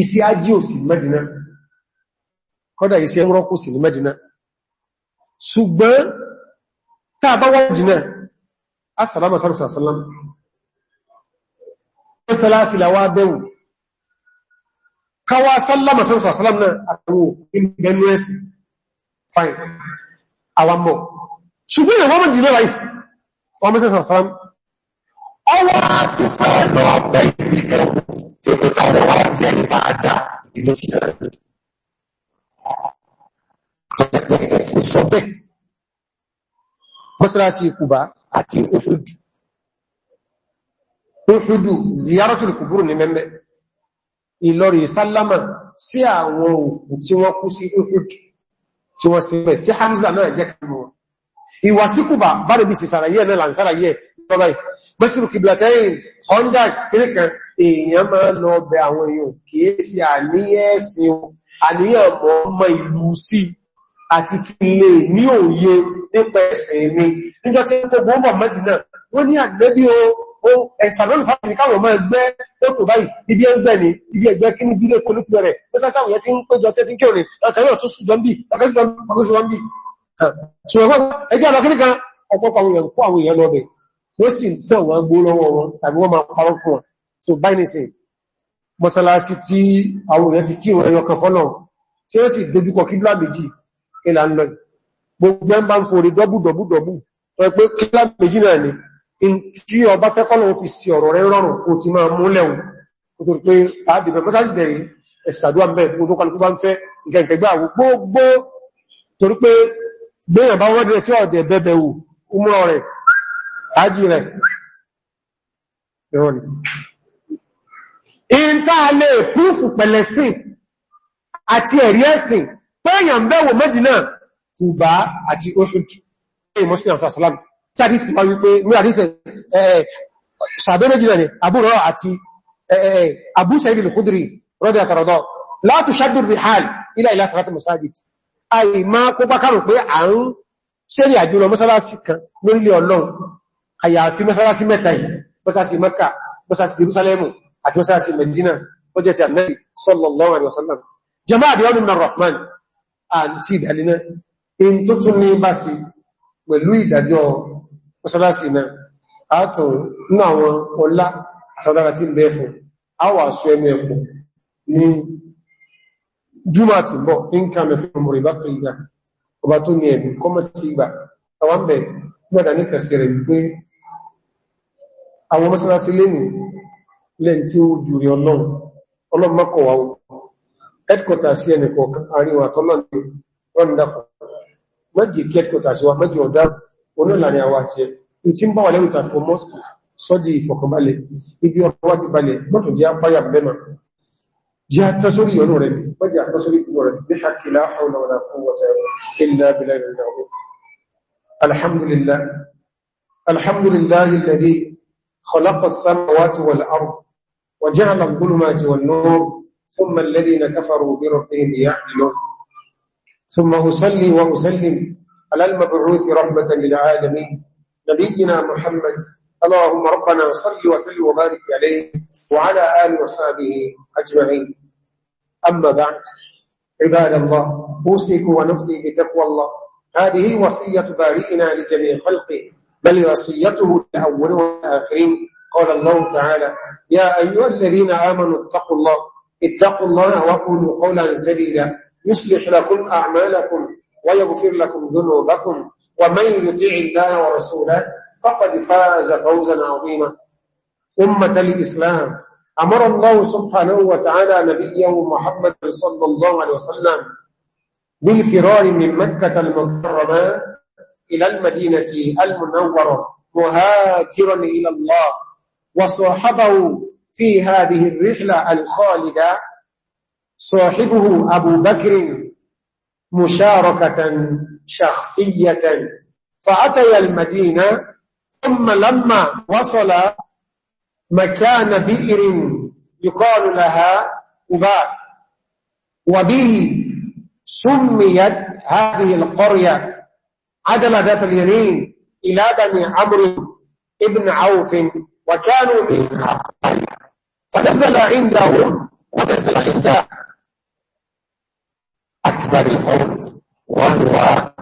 iṣẹ́ ají ò sí mẹ́dínà kọ́dà iṣẹ́ mọ́rọ́kù sí ní mẹ́dínà ṣùgbọ́n tàbá wọ́n jìnà asàlámà sàrùsàsàlám mọ́sálásí làwá bẹ̀rù káwà sálámà sàrùsàsàlám náà àtàwò ìgbẹ̀nú ẹ̀sì fine àwàmọ̀ ṣùgbọ́n ìwọ́n mọ̀ jìnà wáyìí wọ́n mẹ́sàrùsàsàlám ọwọ́ tó fẹ́ lọ bẹ ibi kan tí ó ká lọ wá jẹ ìbáadá ìlú ìṣẹ̀lẹ̀. Àpẹẹrẹ ẹ̀sìn sọ bẹ́ẹ̀. Mọ́sálásí Kùbá àti Òṣùdù. Òṣùdù ziyaratul kuburu ní mẹ́mẹ́. Ìlọrin Sálámà sí àwọn òkú tí wọ́n kú sí Òṣùdù tí wọ́n sí bẹ̀ tí Hamza náà jẹ́ kàmọ́. Ìwàsíkùbà bá rẹ̀ bí sì sàràyẹ́ náà làǹsàràyẹ́ lọ́bàá mẹ́sìlù kìbìlàtẹ́yìn honda kìríkan èèyàn máa lọ bẹ àwọn èèyàn kìí sí àníyẹ́sìn àníyàn mọ́ mọ́ ìlú sí àti kí lè ní òye nípa ẹ̀sìn mi níjọ́ tí kò gbọ́mọ̀ mẹ́dínà wọ́n ní àgbẹ́bí o ẹ̀sàlọ́lù fásitì káwọn ọmọ ẹgbẹ́ ó tó báyìí ibi ẹgbẹ́ ni ibi ẹgbẹ́ kí ní bílé kolú ti rẹ̀ mẹ́sàkáwọn yẹ ti ń péjọ tí ó ti ń kéòrè ọkàrí ọ̀tún sùjọ́ ń bí ọkàrí sùjọ́ ń bí ṣùgbọ́n ẹjẹ́ àlọ́kìníkan ọ̀pọ̀pọ̀ àwọn èèyàn wọ́n sì tọ̀ wọ́n gbó lọ́wọ́ wọn tàbí wọ́n máa parọ́ fún wọn so báyìí ní sí mọ́sálásí tí àwọn èèyàn ti kírun ẹyọ kan fọ́nà tí ó sì dojúkọ kíblà méjì ìlà ń lọ gbogbo ẹ̀ bá ń forí dọ́bùdọ́bùdọ́bù tọ́ pé kíblà méjì náà ni tí ọba fẹ́ kọ́lọ̀ fi sí ọ̀rọ̀ rẹ̀ rọrùn kò ti máa mú lẹ́wọ̀n kò tó pé àdìbẹ̀ mọ́sálásí dẹ̀rẹ̀ ẹ̀sàdúwà mẹ́ gbogbo kọlùkú bá ń fẹ́ ìgẹ̀gẹ̀gbà àwọn gbogbo torí pé gbéyàn bá wọ́n dẹ̀ tí ọ̀dẹ̀ ájì rẹ̀ ìrọ̀lì in táa lè púfù pẹ̀lẹ̀ sí àti ẹ̀rí ẹ̀sìn pẹ́yàn bẹ́wò Mẹ́dínà Kùbá àti oṣùtù ẹ̀yìn mọ́sílẹ̀ àṣàṣàlámù tí a dìsì wọ́n wípé mú àdísẹ̀ ṣàbẹ́ Mẹ́dínà ni àbúrò àti Abu Sa'id al-Khudri rọ́dẹ̀ láti ṣàdùn rìhàl ilẹ̀ ilẹ̀ àtàràtà masajid àìmá kó bá kàrò pé à ń ṣẹ́rì àjò lọ mọ́sálásí kan lórílẹ̀ Ọlọ́run àyàfi mọ́sálásí mẹ́ta yìí mọ́sálásí Mẹ́kà mọ́sálásí Jerúsálẹ́mù àti mọ́sálásí Mẹ́dínà ó jẹ́ ti Ànábì sallallahu alaihi wasallam jama'a bi min ar-Rahman àti ìdàlínà in tó tún ní bá sí pẹ̀lú ìdájọ́ mọ́sálásí náà àátùn ní àwọn ọlá àtọ́lára tí ń bẹ́ fún àwọ̀ àṣọ ẹnu ẹ̀pọ̀ ní júmà tí bọ̀ ń ká mẹ́fún mọ̀rẹ̀ àwọn mọ́sánásí lẹ́nì lẹ́n tí ó jù rí ọlọ́run ọlọ́run mọ́kọ̀ wá ó ẹ́dkọ̀tà sí ẹnìkọ̀ àríwà àtọ́lọ́ ní rọ́ndàpọ̀ mẹ́jì kí ẹ́dkọ̀tà sí wa mẹ́jì ọ̀dá onílànà àwọn àti ẹ̀ tí ń bá wà lẹ́rù tàfọ́ mọ́sùkù sọ́jì ìfọ̀kànbalẹ̀ ibi ọ̀rọ̀ wá ti balẹ̀ mọ́tò jẹ́ apáyà bẹ́mà jẹ́ àtọ́sórí ọ̀nà rẹ̀ mẹ́jì àtọ́sórí ọ̀nà rẹ̀ bí hakila haula wala quwwata illa billahi alhamdulillah alhamdulillah alladhi خلق السماوات والأرض وجعل الظلمات والنور ثم الذين كفروا بربهم يعدلون ثم أصلي وأسلم على المبعوث رحمة للعالمين نبينا محمد اللهم ربنا صل وسلم وبارك عليه وعلى آل وصحبه أجمعين أما بعد عباد الله أوصيك ونفسي بتقوى الله هذه وصية بارئنا لجميع خلقه بل وصيته الأول وآخرين قال الله تعالى يا أيها الذين آمنوا اتقوا الله اتقوا الله وقولوا قولا سديدا يصلح لكم أعمالكم ويغفر لكم ذنوبكم ومن يطع الله ورسوله فقد فاز فوزا عظيما أمة الإسلام أمر الله سبحانه وتعالى نبيه محمد صلى الله عليه وسلم بالفرار من مكة المكرمة إلى المدينة المنورة مهاجرا إلى الله وصاحبه في هذه الرحلة الخالدة صاحبه أبو بكر مشاركة شخصية فأتي المدينة ثم لما وصل مكان بئر يقال لها أباء وبه سميت هذه القرية عدم ذات اليمين إلى بني عمرو ابن عوف وكانوا من فنزل عندهم ونزل عند أكبر القوم وهو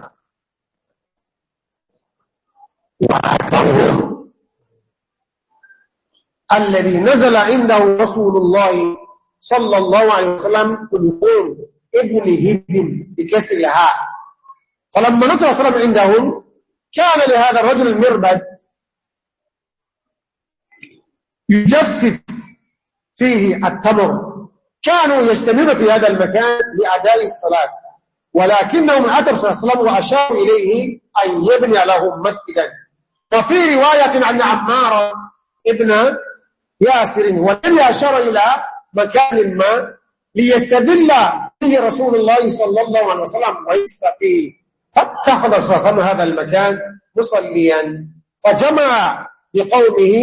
وأكبرهم الذي نزل عنده رسول الله صلى الله عليه وسلم كلهم ابن هدم بكسر الهاء فلما نزل صلى الله عليه وسلم عندهم كان لهذا الرجل المربد يجفف فيه التمر كانوا يجتمعون في هذا المكان لأداء الصلاة ولكنهم عتب صلى الله عليه وسلم وأشاروا إليه أن يبني لهم مسجدا وفي رواية عن عمار ابن ياسر والذي أشار إلى مكان ما ليستدل به رسول الله صلى الله عليه وسلم وليس فيه فاتخذ صلى الله هذا المكان مصليا فجمع بقومه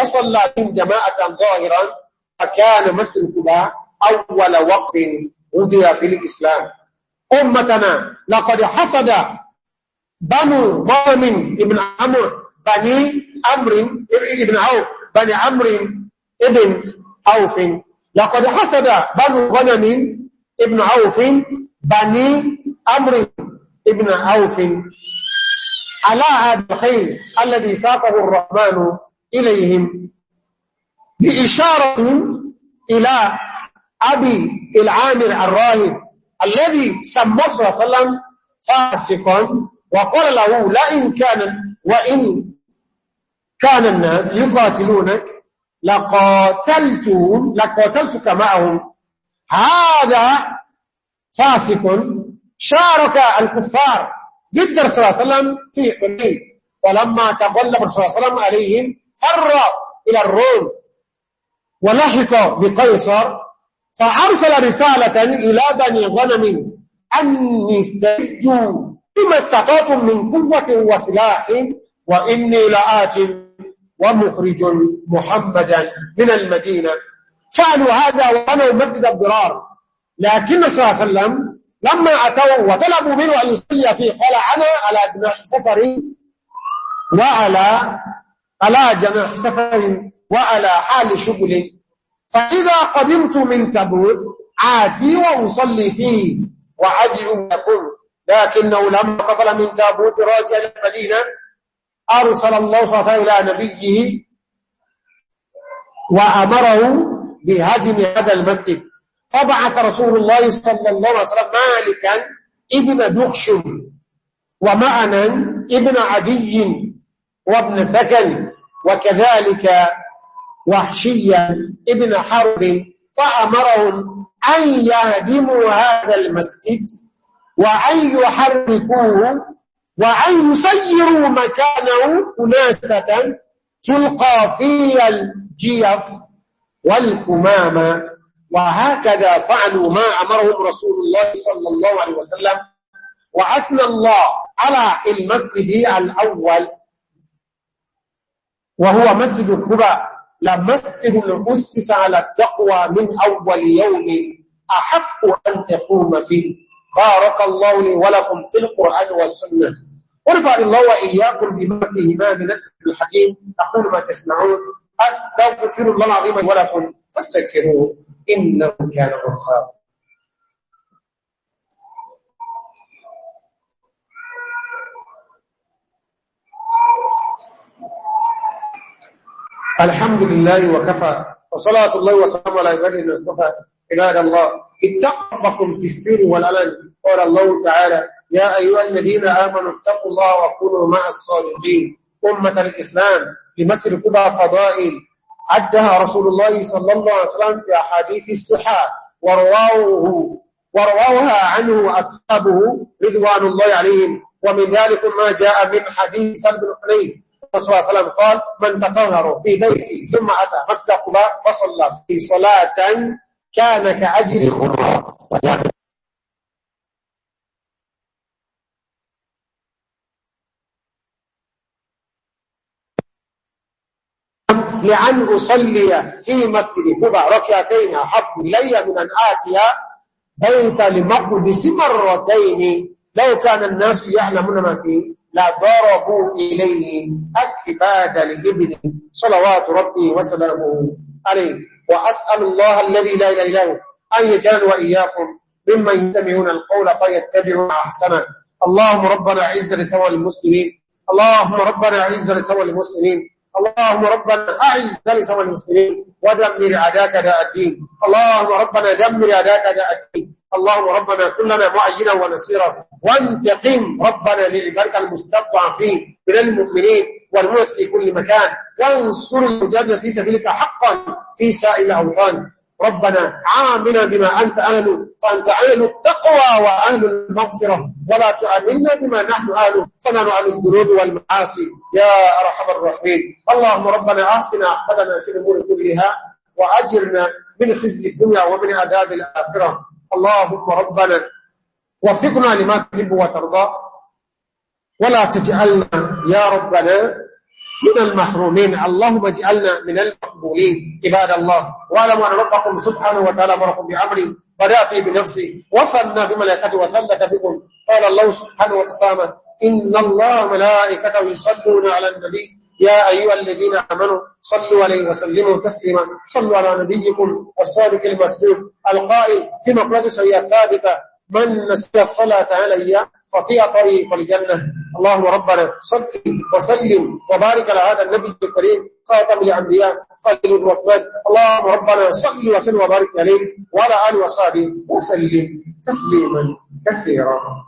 وصلى بهم جماعة ظاهرا فكان مسجد قباء أول وقف وضع في الإسلام أمتنا لقد حسد بنو ظالم ابن عمر بني عمرو ابن عوف بني عمرو ابن عوف لقد حسد بنو غنم ابن عوف بني عمرو ابن عوف على هذا الخير الذي ساقه الرحمن إليهم بإشارة إلى أبي العامر الراهب الذي سماه صلى الله عليه وسلم فاسقا وقال له لئن كان وإن كان الناس يقاتلونك لقاتلتهم لقاتلتك معهم هذا فاسق شارك الكفار ضد الرسول صلى الله عليه وسلم في حنين فلما تغلب الرسول صلى الله عليه وسلم عليهم فر إلى الروم ولحق بقيصر فأرسل رسالة إلى بني غنم أن استجوا بما استطعتم من قوة وسلاح وإني لآت ومخرج محمدا من المدينة فعلوا هذا وبنوا مسجد الضرار لكن صلى الله عليه وسلم لما أتوا وطلبوا منه أن يصلي فيه قال أنا على جناح سفري وعلى على جناح سفري وعلى حال شغل فإذا قدمت من تبوك آتي وأصلي فيه وأدعو يقول لكنه لما قفل من تابوت راجع المدينة أرسل الله صلى الله عليه وسلم نبيه وأمره بهدم هذا المسجد فبعث رسول الله صلى الله عليه وسلم مالكا ابن دخشم ومعنا ابن عدي وابن سكن وكذلك وحشيا ابن حرب فأمرهم أن يهدموا هذا المسجد وأن يحركوه وأن يسيروا مكانه أناسة تلقى في الجيف والكمامة وهكذا فعلوا ما أمرهم رسول الله صلى الله عليه وسلم وأثنى الله على المسجد الأول وهو مسجد كبا لمسجد أسس على التقوى من أول يوم أحق أن تقوم فيه بارك الله لي ولكم في القرآن والسنة ورفع الله وإياكم بما فيهما من الحكيم أقول ما تسمعون أستغفر الله العظيم ولكم فاستغفروه إنه كان غفارا الحمد لله وكفى وصلاة الله وسلامه على عباده الذين اصطفى عباد الله اتقوا في السر والعلن قال الله تعالى يا أيها الذين آمنوا اتقوا الله وكونوا مع الصادقين أمة الإسلام لمثل كبى فضائل عدها رسول الله صلى الله عليه وسلم في أحاديث الصحة ورواه ورواها عنه أصحابه رضوان الله عليهم ومن ذلك ما جاء من حديث سلم بن حنيف صلى الله عليه وسلم قال من تطهر في بيتي ثم أتى مسجد قباء وصلى في صلاة كان كأجر ولا لأن أصلي في مسجد قبى ركعتين أحب لي من أن آتي بيت المقدس مرتين لو كان الناس يعلمون ما فيه ضربوا إليه أكباد لابن صلوات ربي وسلامه عليه وأسأل الله الذي لا إله إلا أن يجعل وإياكم ممن يتبعون القول فيتبعون أحسنه اللهم ربنا عز لتوى المسلمين اللهم ربنا عز لتوى المسلمين اللهم ربنا أعز لسوى المسلمين ودمر عداك داء الدين اللهم ربنا دمر عداك داء الدين اللهم ربنا كلنا معينا ونصيرا وانتقم ربنا لعبادك المستضعفين من المؤمنين والمؤمنين في كل مكان وانصر المجاهدين في سبيلك حقا في سائل الأوطان ربنا عامنا بما أنت أهل فأنت أهل التقوى وأهل المغفرة ولا تعاملنا بما نحن أهل فنحن أهل الذنوب والمعاصي يا أرحم الراحمين اللهم ربنا أحسن أحبتنا في الأمور كلها وأجرنا من خزي الدنيا ومن عذاب الآخرة اللهم ربنا وفقنا لما تحب وترضى ولا تجعلنا يا ربنا من المحرومين اللهم اجعلنا من المقبولين عباد الله واعلموا أن ربكم سبحانه وتعالى امركم بامري ودافي بنفسي بنفسه بملائكته وثلث بكم قال الله سبحانه وتعالى إن الله ملائكته يصلون على النبي يا أيها الذين آمنوا صلوا عليه وسلموا تسليما صلوا على نبيكم الصادق المسجود القائل في مقلة سيئة ثابتة من نسي الصلاة علي خطيئة طريق الجنة اللهم ربنا صل وسلم وبارك على هذا النبي الكريم خاتم الأنبياء خليل الرحمن اللهم ربنا صل وسلم وبارك عليه وعلى آله وصحبه وسلم تسليما كثيرا